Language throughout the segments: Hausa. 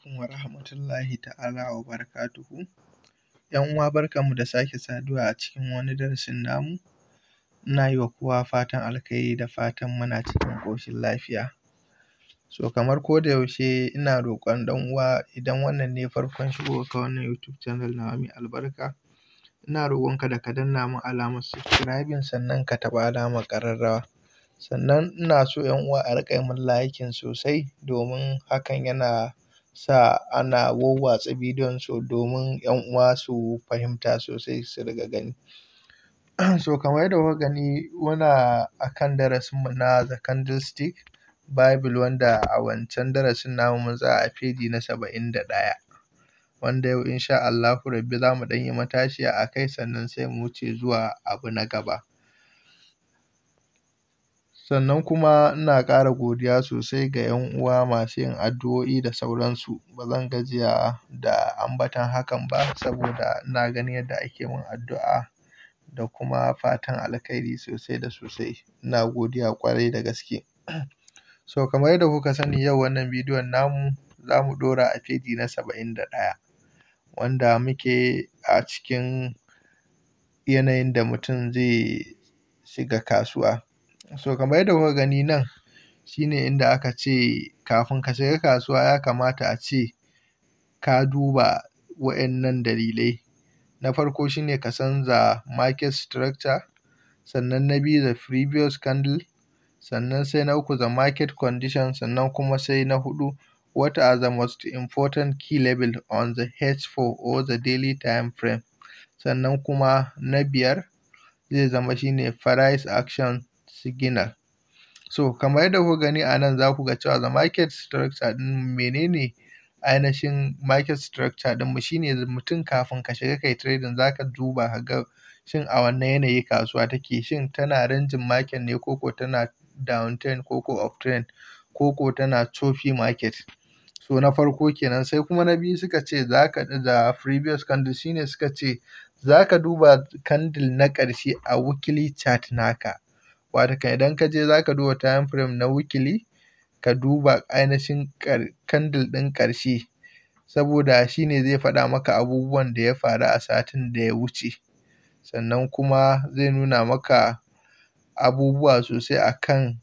alaikum wa rahmatullahi ta'ala wa barakatuhu ‘yan uwa barkanmu da sake saduwa a cikin wani darasin namu ina yi wa kowa fatan alkhairi da fatan muna cikin ƙoshin lafiya so kamar ko da yaushe ina roƙon ɗan uwa idan wannan ne farkon ka wannan youtube channel nawa mai albarka ina ka da ka danna min alamar subscribing sannan ka taɓa alamar ƙararrawa sannan ina so ‘yan uwa a riƙa yi min liking sosai domin hakan yana sa ana wawwatsa bidiyon so domin 'yan uwa su fahimta sosai su daga gani. So kamar yadda kuka gani muna akan darasinmu na The Candlestick Bible wanda a wancan darasin namu mun tsaya a feji na saba'in da ɗaya, wanda yau in sha Allahu Rabbi za mu ɗan yi matashiya a kai sannan sai mu wuce zuwa abu na gaba. Sannan kuma ina ƙara godiya sosai ga 'yan uwa masu yin addu'o'i da sauransu. Ba zan gajiya da ambaton hakan ba saboda ina ganin yadda ake min addu'a da kuma fatan alkhairi sosai da sosai. Ina godiya ƙwarai da gaske. So kamar yadda kuka sani yau wannan bidiyon namu za mu ɗora a feji na saba'in da ɗaya wanda muke a cikin yanayin da mutum zai shiga kasuwa. So kamar yadda kuka gani nan shine inda aka ce kafin ka shiga kasuwa ya kamata a ce ka duba waɗannan dalilai. Na farko shine ka san the market structure, sannan na biyu the previous candle, sannan sai na uku the market condition, sannan kuma sai na huɗu what are the most important key level on the H4 or the daily time frame. Sannan kuma na biyar zai zama shine ne price action sigina so kamar yadda kuka gani a nan za ku ga cewa the market structure ɗin menene ainihin market structure ɗinmu shi ne mutum kafin ka shiga kai trading za ka duba ka ga shin a wanne yanayi kasuwa take shin tana ranging market ne ko tana down ko koko up trend koko tana choppy market so na farko kenan sai kuma na biyu suka ce za ka da previous candle shi ne suka ce za ka duba candle na ƙarshe a weekly chart naka Watakan idan ka je zaka duba time frame na weekly, ka duba ainihin candle ɗin ƙarshe, saboda shi ne zai faɗa maka abubuwan da ya faru a satin da ya wuce. Sannan kuma zai nuna maka abubuwa sosai a kan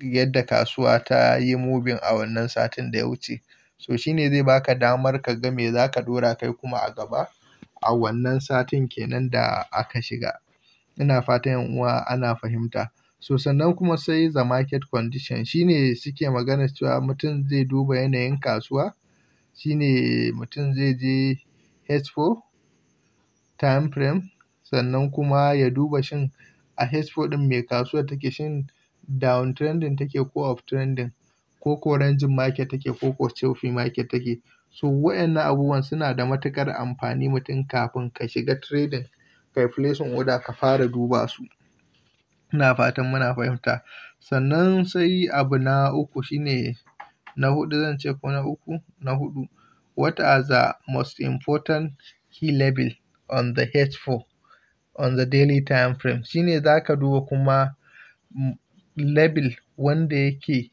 yadda kasuwa ta yi moving a wannan satin da ya wuce. So shi ne zai baka damar ka ga me zaka ka ɗora kai kuma a gaba a wannan satin kenan da aka shiga. Ina fatan 'yan uwa ana fahimta. So sannan kuma sai the market condition shine suke magana cewa mutum zai duba yanayin kasuwa, shine mutum zai je H4 time frame sannan kuma ya duba shin a H4 ɗin me kasuwar take shin downtrending take ko uptrending ko ko ranging market take ko ko market take. So waɗannan abubuwan suna da matukar amfani mutum kafin ka shiga trading kai placing order ka fara duba su. Ina fatan muna fahimta. Sannan sai abu na uku shine, na huɗu zan ce ko na uku? Na huɗu. What are the most important key level on the H4 on the daily time frame? Shine za ka duba kuma level wanda yake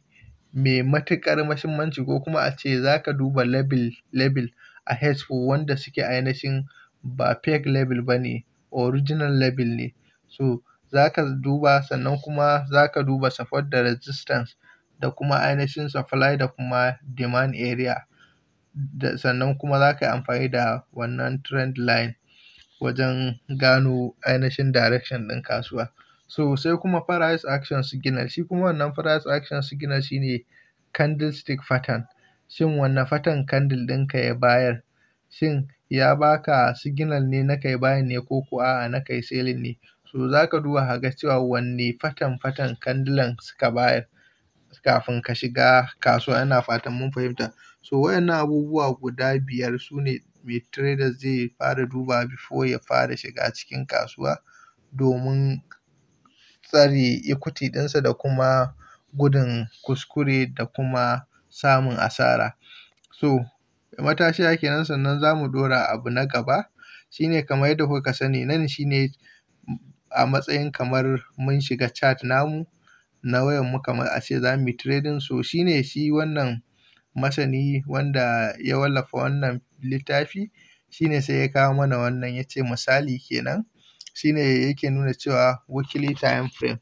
mai matuƙar muhimmanci ko kuma ace za ka duba level, level a H4 wanda suke ainihin ba fake level ba ne, original level ne. So. za ka duba sannan kuma za ka duba support da resistance da kuma ainihin supply da kuma demand area da sannan kuma za ka yi amfani da wannan trend line wajen gano ainihin direction ɗin kasuwa so sai kuma price action signal shi kuma wannan price action signal shi ne candlestick pattern shin wanne pattern candle ɗinka ya bayar shin ya baka signal ne na kai buying ne ko ko a'a na kai selling ne So za ka duba ka ga cewa wanne fatan-fatan kandilan suka bayar kafin ka shiga kasuwa. Ina fatan mun fahimta. So waɗannan abubuwa guda biyar su ne mai trader zai fara duba before ya fara shiga cikin kasuwa domin tsare equity ɗinsa da kuma gudun kuskure da kuma samun asara. So matashiya kenan sannan za mu ɗora abu na gaba, shi ne kamar yadda kuka sani nan shi ne a matsayin kamar mun shiga chat namu na wayan mu kamar a ce za mu yi trading. So shi ne shi wannan masani wanda ya wallafa wannan littafi shi ne sai ya kawo mana wannan ya ce misali kenan shi ne yake nuna cewa weekly time frame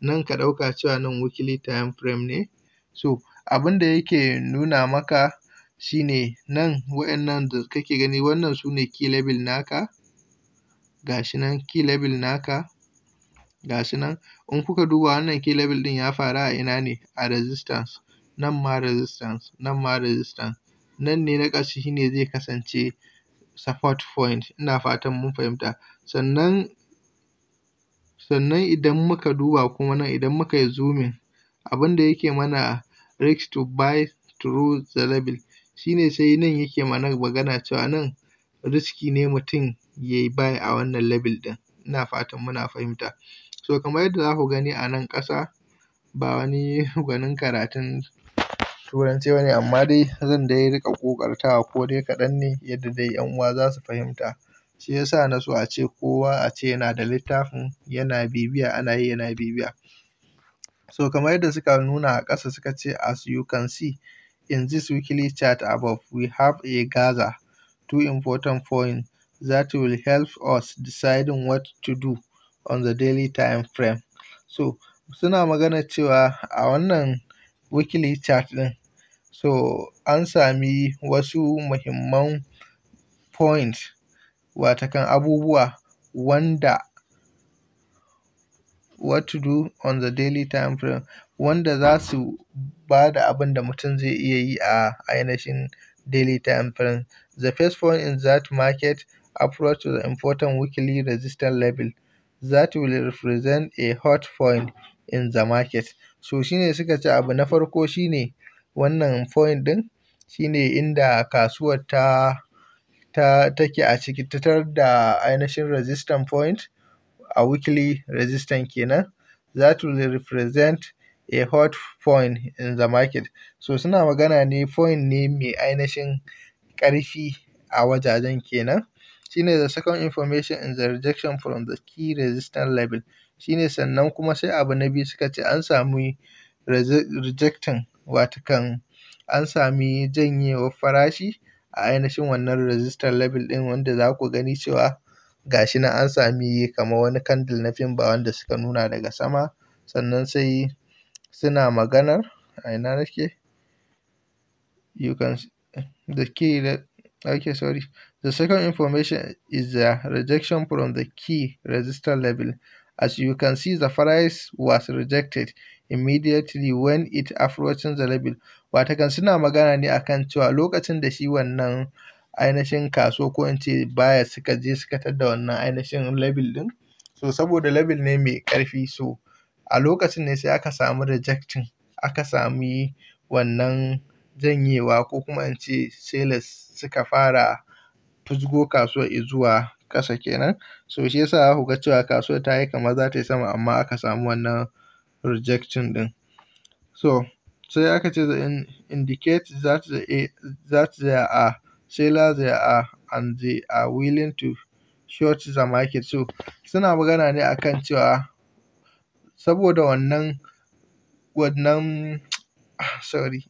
nan ka ɗauka cewa nan weekly time frame ne. So abin da yake nuna maka shi ne nan waɗannan da kake gani wannan su ne key level naka. Gashinan, nan key level naka gashi nan in kuka duba wannan key level ɗin ya faru a ina ne a resistance nan ma resistance nan ma resistance nan ne na ƙarshe shi ne zai kasance support point ina fatan mun fahimta sannan sannan idan muka duba kuma nan idan muka yi zooming abin da yake mana risk to buy through the level shi ne sai nan yake mana magana cewa nan riski ne mutum ya buy a wannan level ɗin. Ina fatan muna fahimta. So kamar yadda za ku gani a nan ƙasa ba wani gwanin karatun Turanci ba ne amma dai zan dai riƙa ƙoƙartawa ko dai kaɗan ne yadda dai 'yan uwa za su fahimta. Shi ya sa na so a ce kowa a ce yana da littafin yana bibiya ana yi yana bibiya. So kamar yadda suka nuna a ƙasa suka ce as you can see in this weekly chart above we have a Gaza two important points that will help us deciding what to do on the daily time frame. So suna magana cewa a wannan weekly chart ɗin so an sami wasu muhimman point watakan abubuwa wanda what to do on the daily time frame wanda za su ba da abin da mutum zai iya yi a ainihin daily timeframe. The first point is that market approach to the important weekly resistance level that will represent a hot point in the market. So shi ne suka ce abu na farko shi ne wannan point ɗin shi ne inda kasuwar ta ta take a ciki da ainihin resistance point a weekly resistance kenan that will represent a hot point in the market. So suna magana ne point ne mai ainihin ƙarfi a wajajen kenan. shi ne the second information in the rejection from the key resistance level. ne sannan kuma sai abu na biyu suka ce an sami rejecting watakan an sami janyewar farashi a ainihin wannan resistance level ɗin wanda za ku gani cewa ga shi nan an sami kamar wani candle na fim ba wanda suka nuna daga sama sannan sai suna maganar a ina nake you can the key okay sorry the second information is the rejection from the key register level as you can see the price was rejected immediately when it approaches the level watakan suna magana ne akan cewa lokacin da shi wannan ainihin kaso ko in ce baya suka je suka tadda wannan ainihin level ɗin so saboda level ne mai karfi so a lokacin ne sai aka samu rejecting aka sami wannan janyewa ko kuma in ce sellers suka fara fusgo kasuwar izuwa ƙasa kenan so shi yasa za ku ga cewa kasuwar ta yi kamar za ta yi sama amma aka samu wannan rejection ɗin so sai aka ce the indicate that the that there are are and they are willing to short the market so suna magana ne akan cewa saboda wannan wannan ah, sorry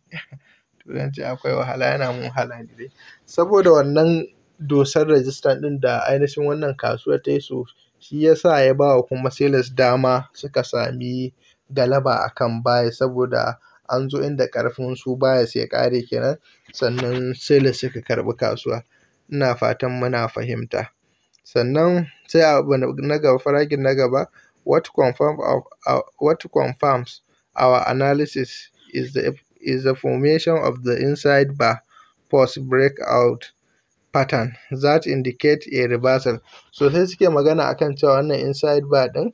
turanci akwai wahala yana min wahala ne saboda wannan dosar rajista ɗin da ainihin wannan kasuwa ta yi so shi yasa ya ba wa kuma sellers dama suka sami galaba a kan baya saboda an zo inda karfin su buyers ya kare kenan sannan sellers suka karbi kasuwa ina fatan muna fahimta sannan sai abu na gaba faragin na gaba What confirms our analysis is the formation of the inside bar force breakout pattern that indicates a reversal. So sai suke magana akan cewa wannan inside bar ɗin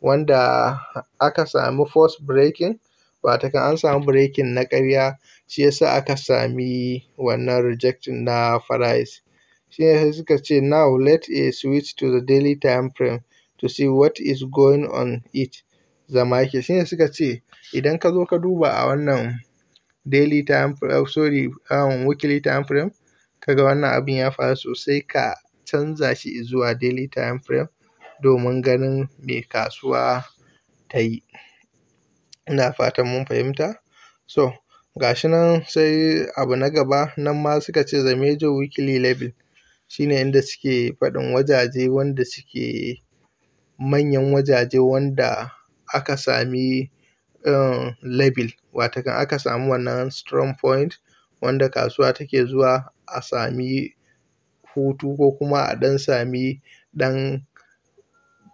wanda aka sami force breaking, kan an samu breaking na ƙarya shi ya sa aka sami wannan rejecting na price. Shi ne suka ce now let a switch to the daily time frame to see what is going on it zama yake shine suka ce idan ka zo ka duba a wannan daily time frame oh, sorry um, weekly time frame kaga wannan abin ya faru sosai ka canza shi zuwa daily time frame domin ganin me kasuwa ta yi ina fatan mun fahimta so gashi nan sai abu na gaba nan ma suka ce the major weekly level shine inda suke faɗin wajaje wanda suke manyan wajaje wanda aka sami um label watakan aka sami wannan strong point wanda kasuwa take zuwa a sami hutu ko kuma a ɗan sami ɗan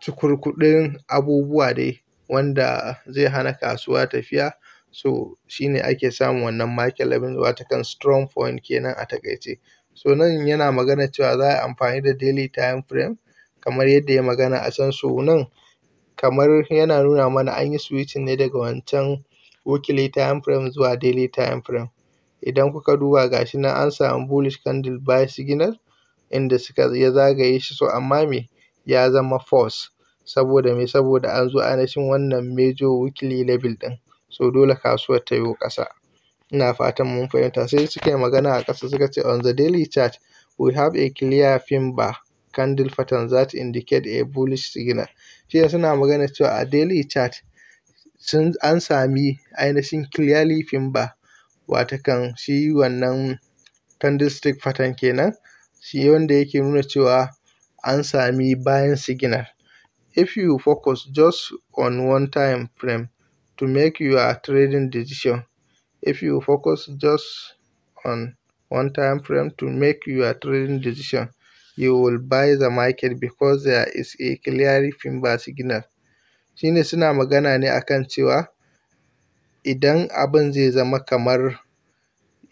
cukurkuɗin abubuwa dai wanda zai hana kasuwa tafiya so shine ake samun wannan market label watakan strong point kenan a taƙaice so nan yana maganan cewa za a yi amfani da daily time frame kamar yadda ya magana a can. So nan kamar yana nuna mana an yi switching ne daga wancan weekly time frame zuwa daily time frame. Idan kuka duba ga shi nan an samu bulish, candle buy signal inda suka ya zagaye shi so amma me ya zama false saboda me saboda an zo ainihin wannan major weekly level ɗin. So dole kasuwar ta yo ƙasa. Ina fatan mun fahimta. Sai suka yi magana a ƙasa suka ce on the daily chart we have a clear fin bar. candle pattern that indicate a bullish signal shi suna magana cewa a daily chart sun an sami ainihin clearly fimba kan shi wannan candlestick pattern kenan shi wanda yake nuna cewa an sami bayan signal if you focus just on one time frame to make your trading decision if you focus just on one time frame to make your trading decision you will buy the market because there is a clear fimba signal shi ne suna magana ne akan cewa idan abin zai zama kamar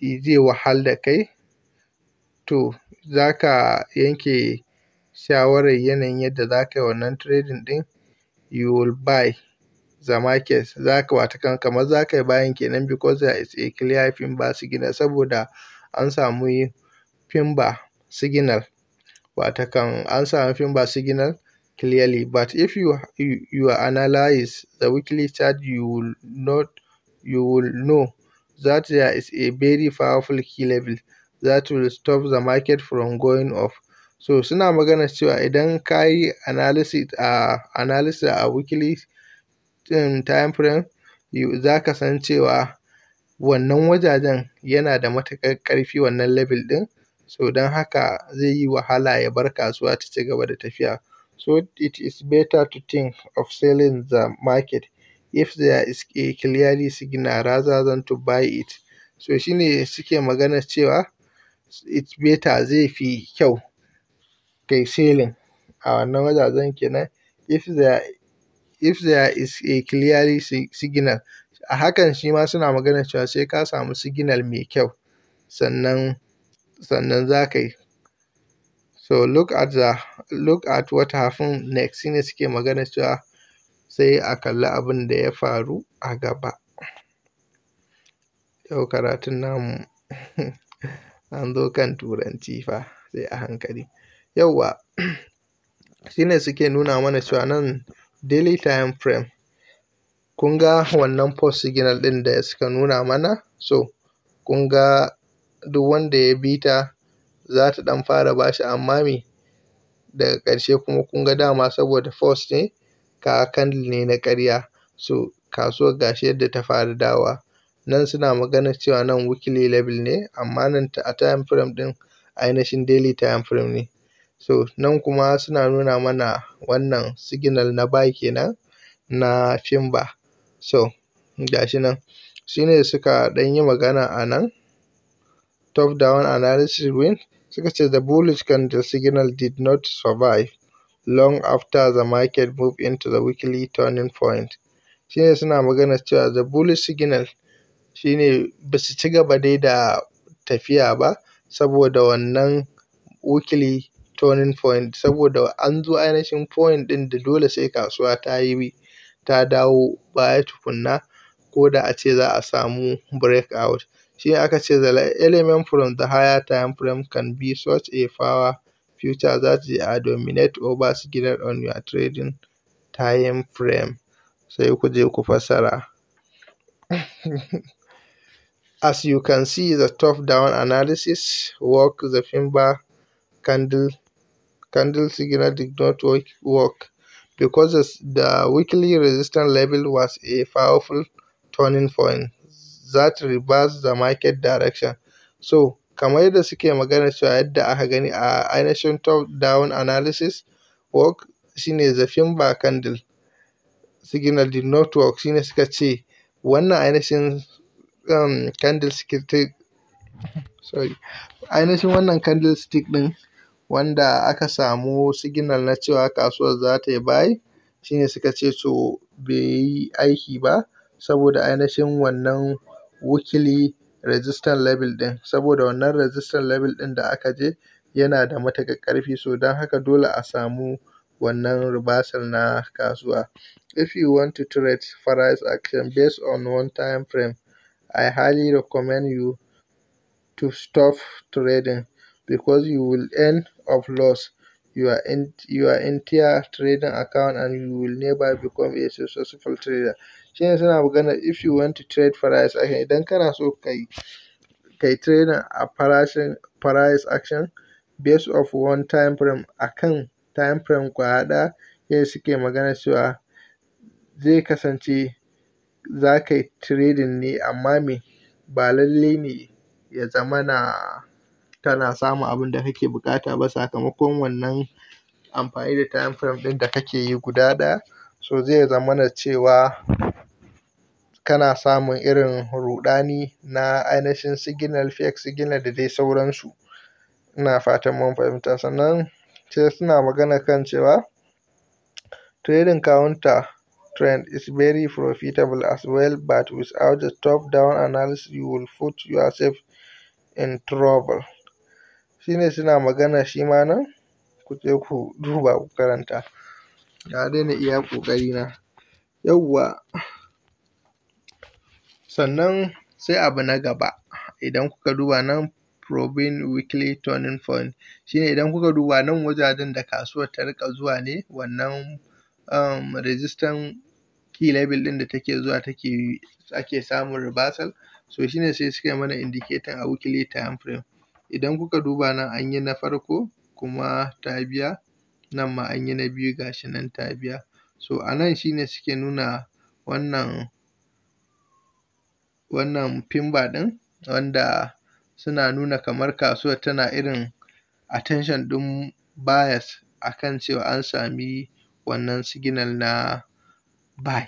zai wahal da kai to za ka yanke shawarar yanayin yadda za ka yi wannan trading ɗin you will buy the market za ka kan kamar za ka yi bayan kenan because there is a clear fimba signal saboda an samu fimba signal can an samu finbar signal clearly but if you you analyze the weekly chart you will not you will know that there is a very powerful key level that will stop the market from going off. so suna magana cewa idan ka yi analysis a analysis a weekly um, time frame za ka san cewa wannan wajajen yana da matuƙar ƙarfi wannan level ɗin So don haka zai yi wahala ya bar kasuwa ta ci gaba da tafiya. So it is better to think of selling the market if there is a clearly signal rather than to buy it. So shi ne suke magana cewa it's better zai fi kyau kai selling a wannan wajajen kenan if there, if there is a clearly signal. A hakan shi ma suna magana cewa sai ka samu signal mai kyau sannan. sannan za ka yi so look at the look at what happened next shine suke magana cewa sai a kalli abin da ya faru a gaba yau karatun namu an zo kan turanci fa sai a hankali yauwa shine suke nuna mana cewa nan daily time frame kun ga wannan post signal ɗin da suka nuna mana so kun ga duk wanda ya bi ta za ta ɗan fara bashi amma me daga ƙarshe kuma kun ga dama saboda fos ne kaga candle ne na ƙarya so kasuwar gashi yadda ta fara dawa nan suna maganar cewa nan weekly level ne amma nan a time frame ɗin ainihin daily time frame ne so nan kuma suna nuna mana wannan siginal na buy kenan na fimba so gashi nan shine suka ɗan yi magana a nan top-down analysis win, suka ce the bullish candle signal did not survive long after the market moved into the weekly turning point. Shi ne suna maganar cewa the bullish signal shi ne ba su ci gaba dai da tafiya ba saboda wannan weekly turning point, saboda an zo ainihin point ɗin da dole sai kasuwa ta yi ta dawo baya tukunna ko da a ce za a samu breakout. shi aka ce the element from the higher time frame can be such a power future that they are dominate over signal on your trading time frame sai ku je ku fassara as you can see the top down analysis work the finger candle candle signal did not work because the weekly resistance level was a powerful turning point za ta reverse the market direction. So, kamar yadda suke magana cewa yadda aka gani a ainihin top down analysis work shine the Finbar candle signal did not work shine suka ce wannan ainihin um, candlestick sorry ainihin wannan candlestick din wanda aka samu signal na cewa kasuwar za ta yi buy shine suka ce to bai yi aiki ba saboda ainihin wannan wakili resistance level ɗin saboda wannan resistance level ɗin da aka je yana da matuƙar ƙarfi so don haka dole a samu wannan reversal na kasuwa if you want to trade price action based on one time frame I highly recommend you to stop trading because you will end up lost your entire trading account and you will never become a successful trader Shi suna maganar if you want to trade price action, idan kana so kai kai trading a farashin price action based of one time frame akan time frame ƙwaya ɗaya, ne suke magana cewa zai kasance za ka trading ne amma me ba lalle ne ya zamana tana kana samun abin da kake buƙata ba sakamakon wannan amfani da time frame ɗin da kake yi guda ɗaya. So zai zamana cewa. kana samun irin ruɗani na ainihin signal, fake signal da dai sauransu. Ina fatan mun fahimta. Sannan sai suna magana kan cewa trading counter trend is very profitable as well, but without a top-down analysis you will put yourself in trouble. Shi ne suna magana shi ma nan, ku je ku duba ku karanta. Na dai iya ƙoƙarina. yauwa sannan sai abu na gaba idan kuka duba nan probing weekly turning point shine idan kuka duba nan wajajen da kasuwar ta riƙa zuwa ne wannan um resistance key level ɗin da take zuwa take ake samun reversal so shine sai suka mana indicating a weekly time frame idan kuka duba nan an yi na farko kuma ta biya nan ma an yi na biyu ga shi nan ta biya so a nan shine suke nuna wannan wannan pimba ɗin wanda suna nuna kamar kasuwar tana irin attention ɗin buyers akan cewa an sami wannan signal na buy.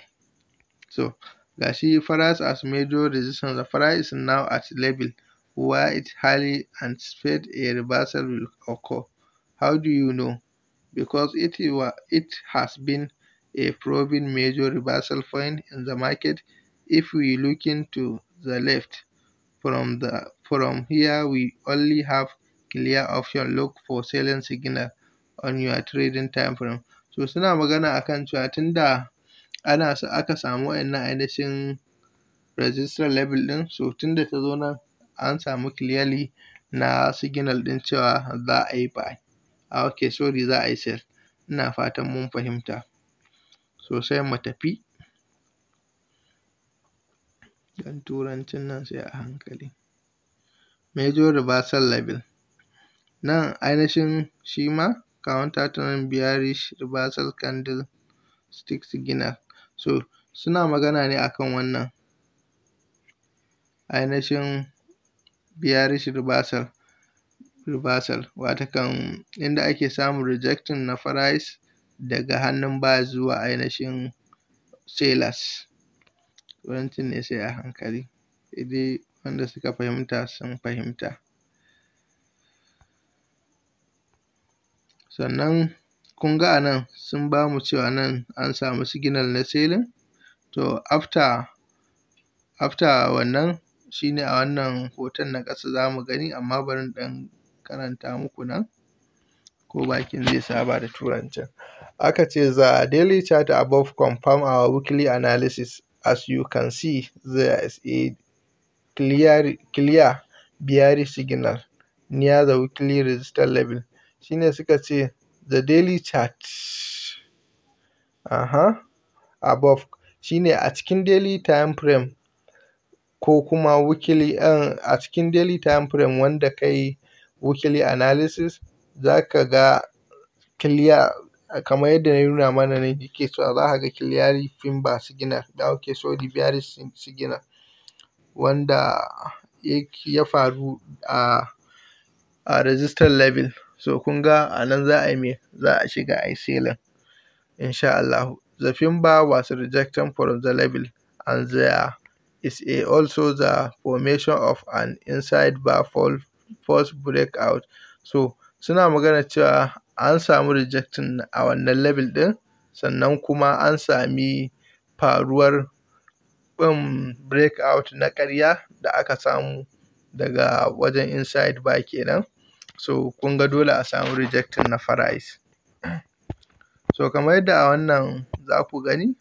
So ga shi price as major resistance the price is now at level where it highly anticipate a reversal will occur. How do you know? Because it, it has been a proven major reversal point in the market if we looking to the left from the from here we only have clear option look for selling signal on your trading time frame. So suna magana akan cewa tunda ana aka samu wa'innan ainihin resistance level ɗin so tunda ta zo nan an samu clearly na signal din cewa za a yi buy ah, okay sorry za a yi sell ina fatan mun fahimta so sai mu tafi Don Turancin nan sai a hankali. Major reversal level. Nan ainihin shi ma counter trend bearish reversal candle stick signal. So suna magana ne akan wannan ainihin bearish reversal reversal watakan inda ake samun rejecting na price daga hannun buyer zuwa ainihin sellers. Turancin ne sai a hankali, sai dai wanda suka fahimta sun fahimta. Sannan kun ga a nan sun ba mu cewa nan an samu siginal na selin? to afta after wannan shi ne a wannan hoton na ƙasa za mu gani amma bari in ɗan karanta muku nan ko bakin zai saba da Turancin. Aka ce: “The Daily Chart above confirms our weekly analysis.” As you can see, there is a clear, clear bearish signal near the weekly resistance level. Shine suka ce the daily chart aha above shine a cikin daily time frame ko kuma weekly eh, a cikin daily time frame wanda kai weekly analysis zaka ga clear kamar yadda na nuna mana nan yake cewa za ka ga clearly fimber signal da okay sorry bearish signal wanda ya faru a a resistance level so kun ga a nan za a yi me za a shiga a yi selling insha Allahu the fimber was rejected from the level and there is a also the formation of an inside bar fall false breakout so suna magana cewa an samu rejecting a wannan level ɗin sannan kuma an sami faruwar um, out na ƙarya da aka samu daga wajen inside ba kenan so kun ga dole a samu rejecting na farayis? so kamar yadda a wannan za ku gani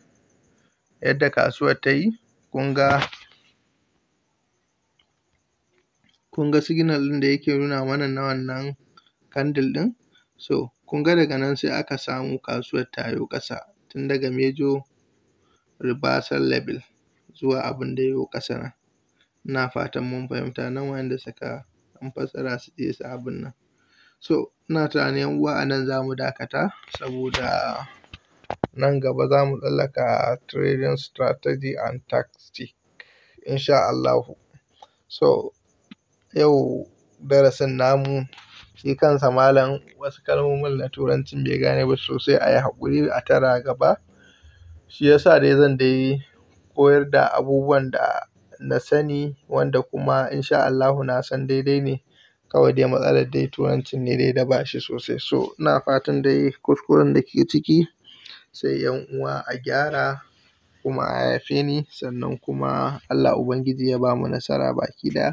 yadda kasuwar ta yi kun ga kun ga signal ɗin da yake nuna mana na wannan candle ɗin So kun ga daga nan sai aka samu kasuwar tayo ƙasa tun daga Mejo reversal level zuwa abin da yayo ƙasa nan. Ina fatan mun fahimta nan wa'inda suka ɗan fassara su je su abin nan. So ina tunanin ‘yan uwa a nan za mu dakata saboda nan gaba za mu tsallaka trading strategy and tactics in Allahu. So yau darasin namu shi kansa malam wasu kalmomin na turancin bai gane ba sosai a yi haƙuri a tara gaba shi yasa dai zan dai koyar da abubuwan da na sani wanda kuma insha Allahu na san daidai ne kawai dai matsalar dai turancin ne dai da ba shi sosai so ina fatan dai kuskuren da ke ciki sai 'yan uwa a gyara kuma a yafe ni sannan kuma Allah ubangiji ya bamu nasara baki ɗaya